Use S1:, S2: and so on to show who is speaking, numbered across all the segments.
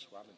S1: swabbing.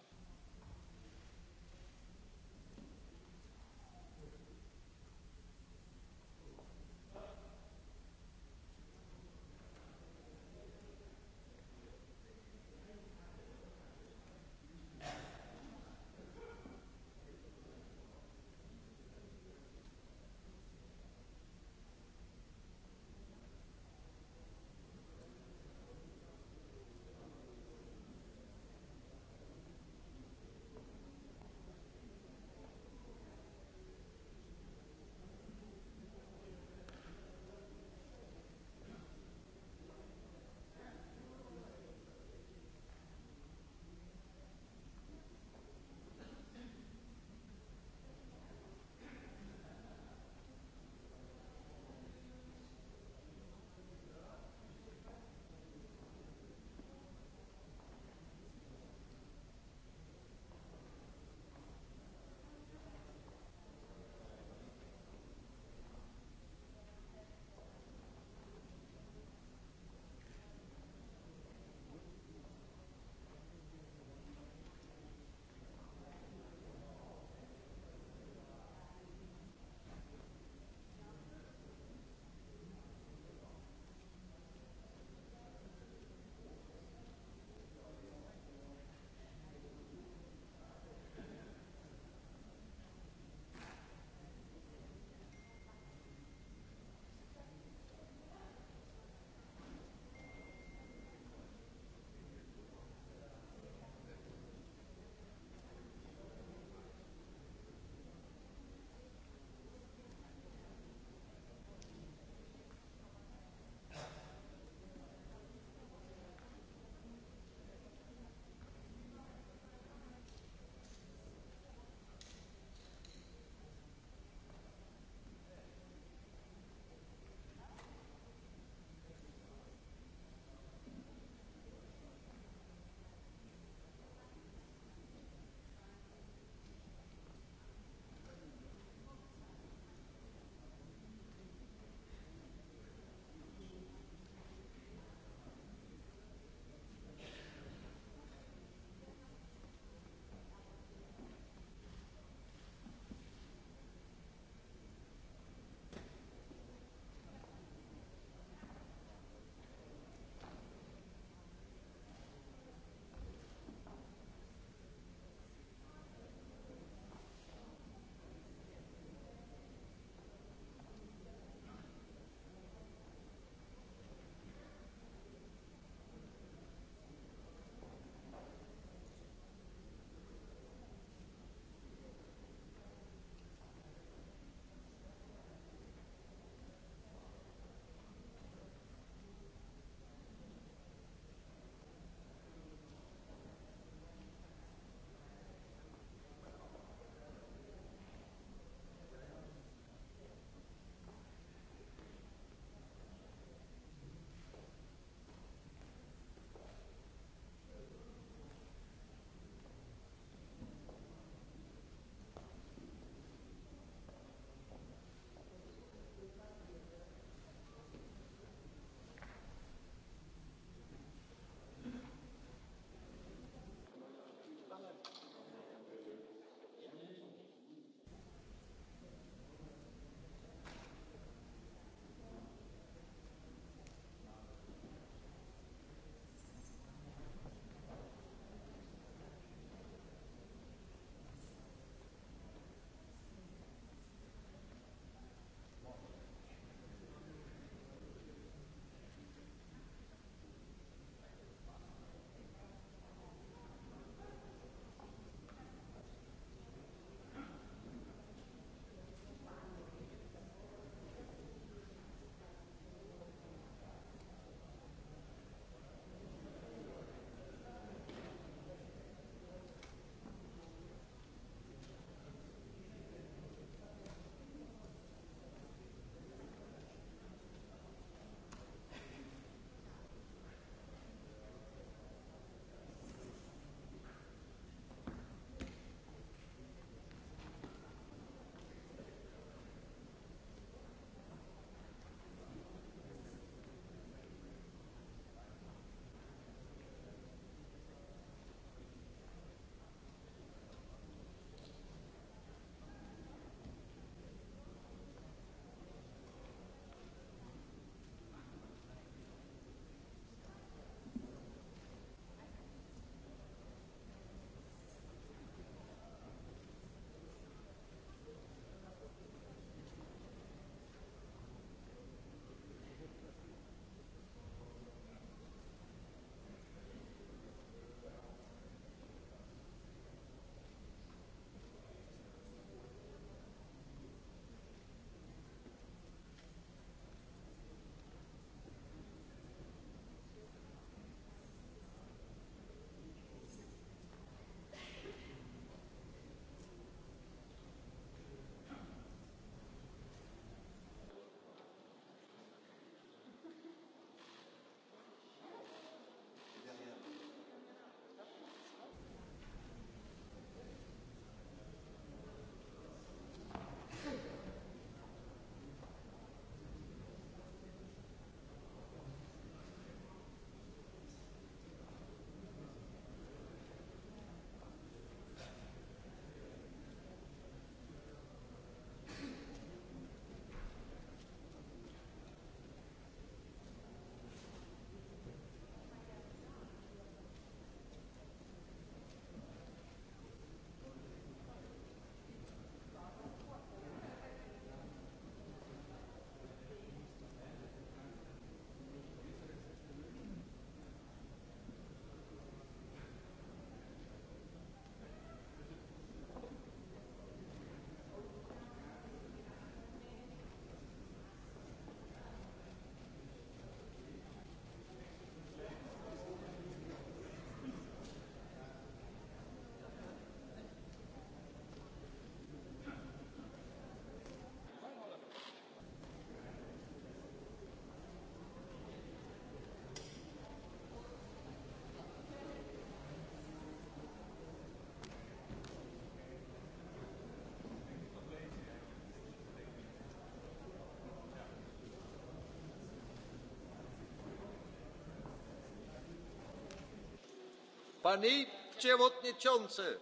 S1: Pani Przewodniczący!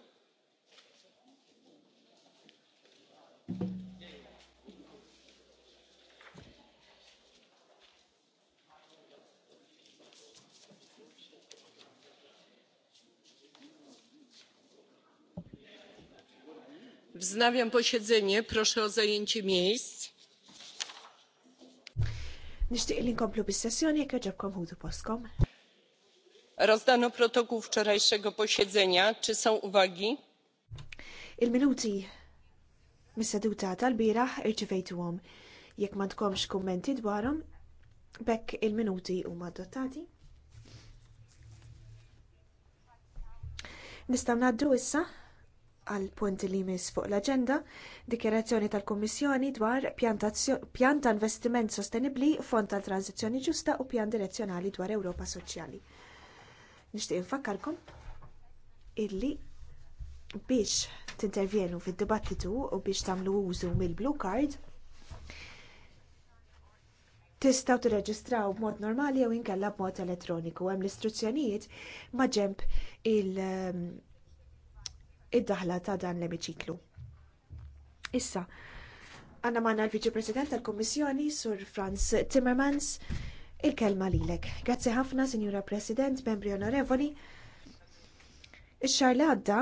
S2: Wznawiam posiedzenie. Proszę o zajęcie miejsc. Nixtieq li nkomplu bis-sessjoni jekk rozdano protokół wczorajszego posiedzenia czy są uwagi? il-minuti mis-seduta tal-bieraħ irċivejtuhom jekk m'għandkomx kummenti dwarhom bekk il-minuti huma adottati. Nistgħu ngħaddu issa għal punti li jmiss fuq l-aġenda dikjerazzjoni tal-Kummissjoni dwar pjan ta' investiment sostenibbli, fond tal tranzizzjoni ġusta u pjan direzzjonali dwar Ewropa Soċjali. Nixtieq nfakkarkom illi biex tintervjenu fid-dibattitu u biex tagħmlu użu mill-blue card tistgħu tirreġistraw b'mod normali jew inkella b'mod elettroniku. Hemm l-istruzzjonijiet ma' ġemp il-daħla ehm, ta' dan l-emiċiklu. Issa, għanna manna l-Viċi President tal-Kommissjoni, Sur Franz Timmermans, il-kelma lilek. Grazzi ħafna, Signora President, membri onorevoli. Ix-xar li għadda,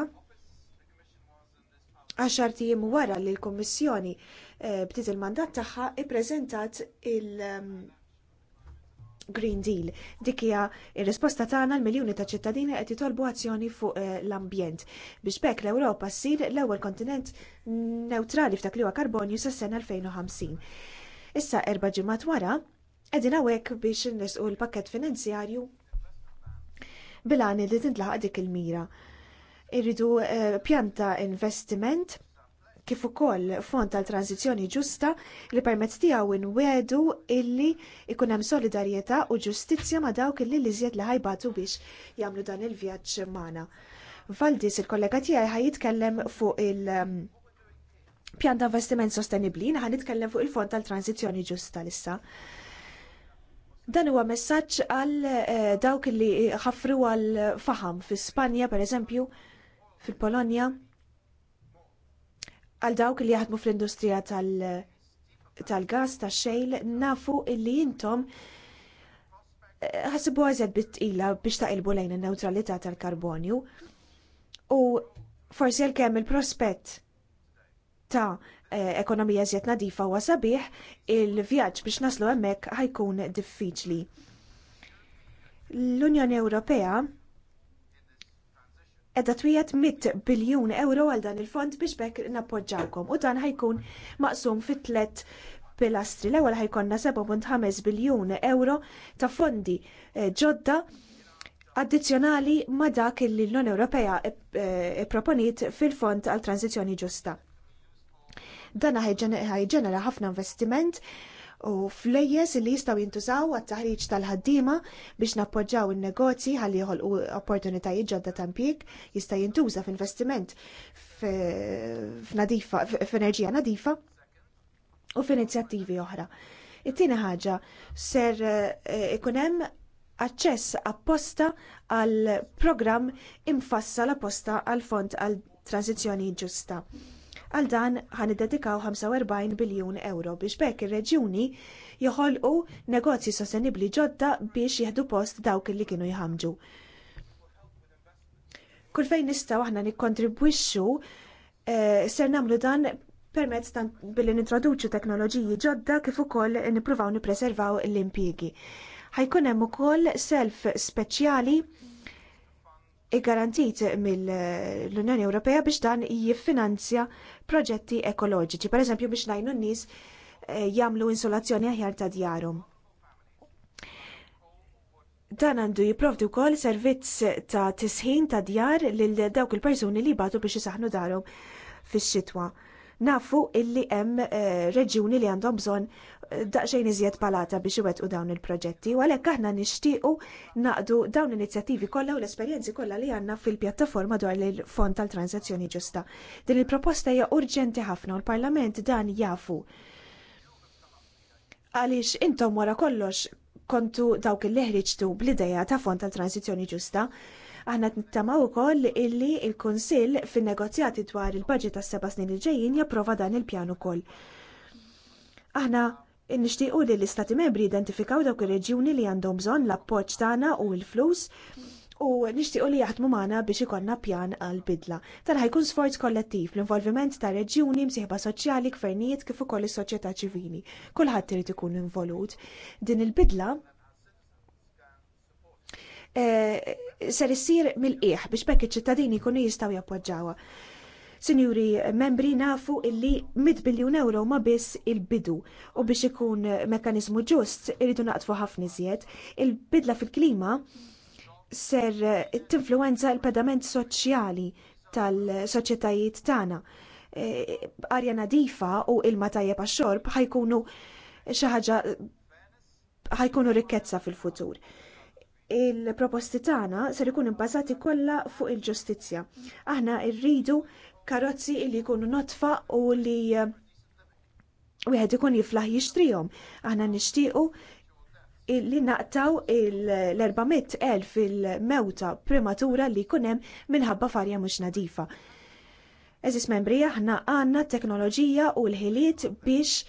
S2: għaxar tijim wara li l-Kommissjoni eh, b'tit il-mandat tagħha ippreżentat il- ehm, Green Deal. Dik hija r-risposta tagħna l miljuni ta' ċittadini qed jitolbu azzjoni fuq eh, l-ambjent. Biex bekk l-Ewropa ssir l-ewwel kontinent neutrali f'dak liwa karbonju sas-sena 2050. Issa erba' ġimgħat wara, Għedin għawek biex u l-pakket finanzjarju bilani li tintlaħaq dik il-mira. Irridu eh, pjanta investiment kif ukoll fond tal-tranzizzjoni ġusta li permezz tiegħu inwedu illi ikun hemm solidarjetà u ġustizzja ma' dawk illi li żjed li ħajbatu biex jagħmlu dan il-vjaġġ magħna. Valdis il-kollega tiegħi ħaj jitkellem fuq il- ehm, pjan ta' investiment sostenibli, naħan nitkellem fuq il-fond tal-tranzizjoni ġusta lissa. Dan huwa messaġġ għal eh, dawk li ħafru għal faham fi Spanja, per eżempju, fil-Polonja, għal dawk li jaħdmu fl-industrija tal- tal-gas, tax-xejl, nafu illi intom eh, ħasibu għazet bit tila biex taqilbu lejn il-neutralità tal-karbonju. U forsi l kem il-prospett ta' Eh, ekonomija zjed nadifa u sabiħ, il-vjaġġ biex naslu hemmhekk ħajkun diffiċli. L-Unjoni Ewropea edha twijat 100 biljun euro għal dan il-fond biex bekk nappoġġawkom u dan ħajkun maqsum fit tlet pilastri. L-ewwel ħajkonna 7.5 biljun euro ta' fondi eh, ġodda addizzjonali ma dak li l-Unjoni Ewropea e fil-Fond għal Transizzjoni Ġusta. Dan ħajġenera ħafna investiment u flejjes li jistaw jintużaw għat-taħriġ tal-ħaddima biex nappoġġaw il-negozji ħalli u opportunitajiet ġodda tampik jista' jintuża f'investiment f'enerġija nadifa u f'inizjattivi oħra. It-tieni ħaġa ser eh, ikun hemm aċċess apposta għal programm imfassal apposta għal fond għal tranzizzjoni ġusta Għal dan ħan id-dedikaw 45 biljun euro biex bekk ir-reġjuni joħolqu negozji sostenibbli ġodda biex jieħdu post dawk li kienu jħamġu. Kull fejn nistaw aħna nikkontribwixxu eh, ser nagħmlu dan permezz ta' billi nintroduċu teknoloġiji ġodda kif ukoll nippruvaw nippreservaw l-impjiegi. Ħajkun hemm ukoll self speċjali garantit mill-Unjoni Ewropea biex dan jiffinanzja proġetti ekoloġiċi, per eżempju biex najnu n-nis eh, jamlu insolazzjoni aħjar ta' djarhom. Dan għandu jiprovdi wkoll servizz ta' tisħin ta' djar lil dawk il-persuni li batu biex isaħnu darhom fix-xitwa nafu illi hemm eh, reġjuni li għandhom bżonn eh, daqsxejn iżjed palata biex iwettqu dawn il-proġetti, u għalhekk aħna nixtiequ naqdu dawn l-inizjattivi kollha u l-esperjenzi kollha li għandna fil-pjattaforma dwar il-Fond tal-Transazzjoni Ġusta. Din il-proposta hija urġenti ħafna u l-Parlament dan jafu. Għaliex intom wara kollox kontu dawk il-leħriġtu bl-ideja ta' fond tal-transizjoni ġusta Aħna nittamaw ukoll illi il-Kunsill fin-negozjati dwar il-budget tas seba' snin li ġejjin japprova dan il-pjan ukoll. Aħna nixtiequ li l-Istati Membri identifikaw dawk ir-reġjuni li għandhom bżonn l-appoġġ tagħna u l-flus u nixtiequ li jaħdmu magħna biex ikollna pjan għal bidla. Tal jkun sforz kollettiv l-involviment ta' reġjuni, msieħba soċjali, gvernijiet kif ukoll is-soċjetà ċivili. Kulħadd irid ikun involut. Din il-bidla Eh, ser issir mill qieħ biex bekk iċ-ċittadini jkunu jistgħu jappoġġawha. Sinjuri, eh, membri nafu illi 100 biljun euro ma biss il-bidu u biex ikun eh, mekanizmu ġust irridu naqtfu ħafna iżjed. Il-bidla fil-klima ser tinfluenza l-pedament soċjali tal-soċjetajiet tagħna. Arja nadifa u ilma tajjeb għax-xorb ħajkunu xi ħaġa ħajkunu rikkezza fil-futur il-proposti tagħna ser ikun bbażati kollha fuq il-ġustizzja. Aħna rridu karozzi li jkunu notfa u li eh, wieħed ikun jiflaħ jixtrihom. Aħna nixtiequ li naqtaw l-400,000 il-mewta prematura li kunem minħabba farja mhux nadifa. Eżis membri aħna għandna t teknoloġija u l-ħiliet biex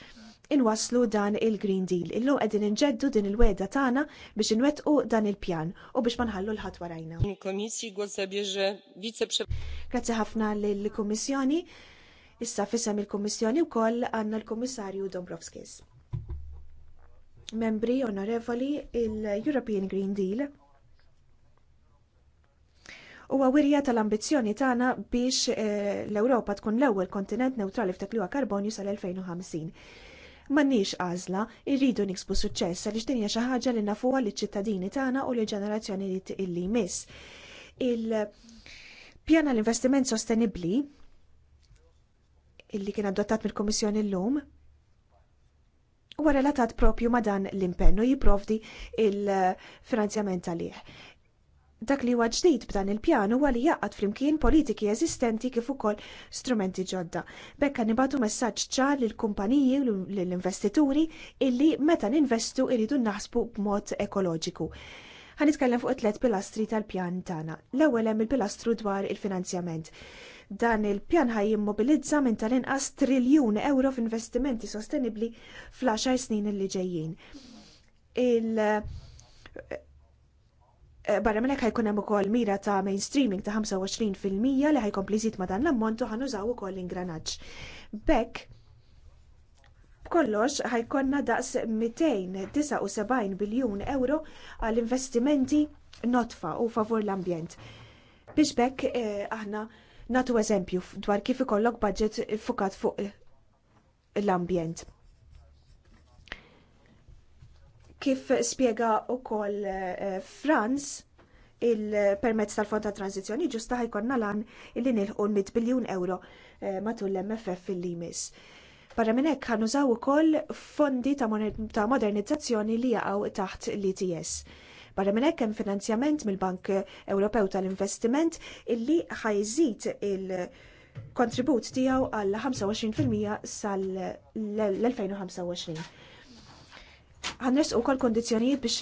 S2: inwaslu dan il-Green Deal. Illu qegħdin inġeddu din il-weda tagħna biex inwettqu dan il-pjan u biex ma nħallu l-ħadd warajna. Grazzi ħafna lill-Kummissjoni. Issa fisem il-Kummissjoni wkoll għandna l-Kummissarju Dombrovskis. Membri onorevoli, il-European Green Deal huwa wirja tal-ambizzjoni tagħna biex eh, l-Ewropa tkun l-ewwel kontinent neutrali f'tek karbonju sal-2050 m'għandniex għażla, irridu niksbu suċċess għaliex din hija xi ħaġa li nafuha liċ-ċittadini tagħna u lill-ġenerazzjoni li jmiss. Il-pjana l-investiment sostenibbli illi kien adottat mill-Komissjoni l-lum u relatat propju ma dan l-impennu jiprovdi il-finanzjament għalih. Dak li huwa ġdid b'dan il-pjan huwa li jaqgħad flimkien politiki eżistenti kif ukoll strumenti ġodda. Bekka nibatu messaġġ ċar lil kumpaniji u lill investituri illi meta ninvestu iridu naħsbu b'mod ekoloġiku. Ħanitkellem fuq tliet pilastri tal-pjan tagħna. L-ewwel hemm il-pilastru dwar il-finanzjament. Dan il-pjan ħaj jimmobilizza minn tal-inqas triljun euro f'investimenti sostenibbli fl-10 snin li ġejjin. il- Eh, barra minn hekk ħajkun hemm ukoll mira ta' mainstreaming ta' 25% li ħajkompli pliżit ma' dan l-ammont u ħanużaw ukoll l-ingranaġġ. Bekk kollox ħajkonna daqs 279 biljun euro għal investimenti notfa u favur l-ambjent. Biex bekk eh, aħna natu eżempju dwar kif ikollok budget fukat fuq l-ambjent. Kif spiega wkoll Franz, il-permezz tal-fond ta' tranzizjoni ġusta ħajkonna lan il-li nilħu 100 biljun euro matul l-MFF fil-limis. Barra minn hekk u ukoll fondi ta' modernizzazzjoni li jaqgħu taħt l-ITS. Barra minnek hekk hemm finanzjament mill-Bank Ewropew tal-Investiment illi ħajżid il- kontribut tiegħu għal 25% sal-2025. Għannes u kol kondizjonijiet biex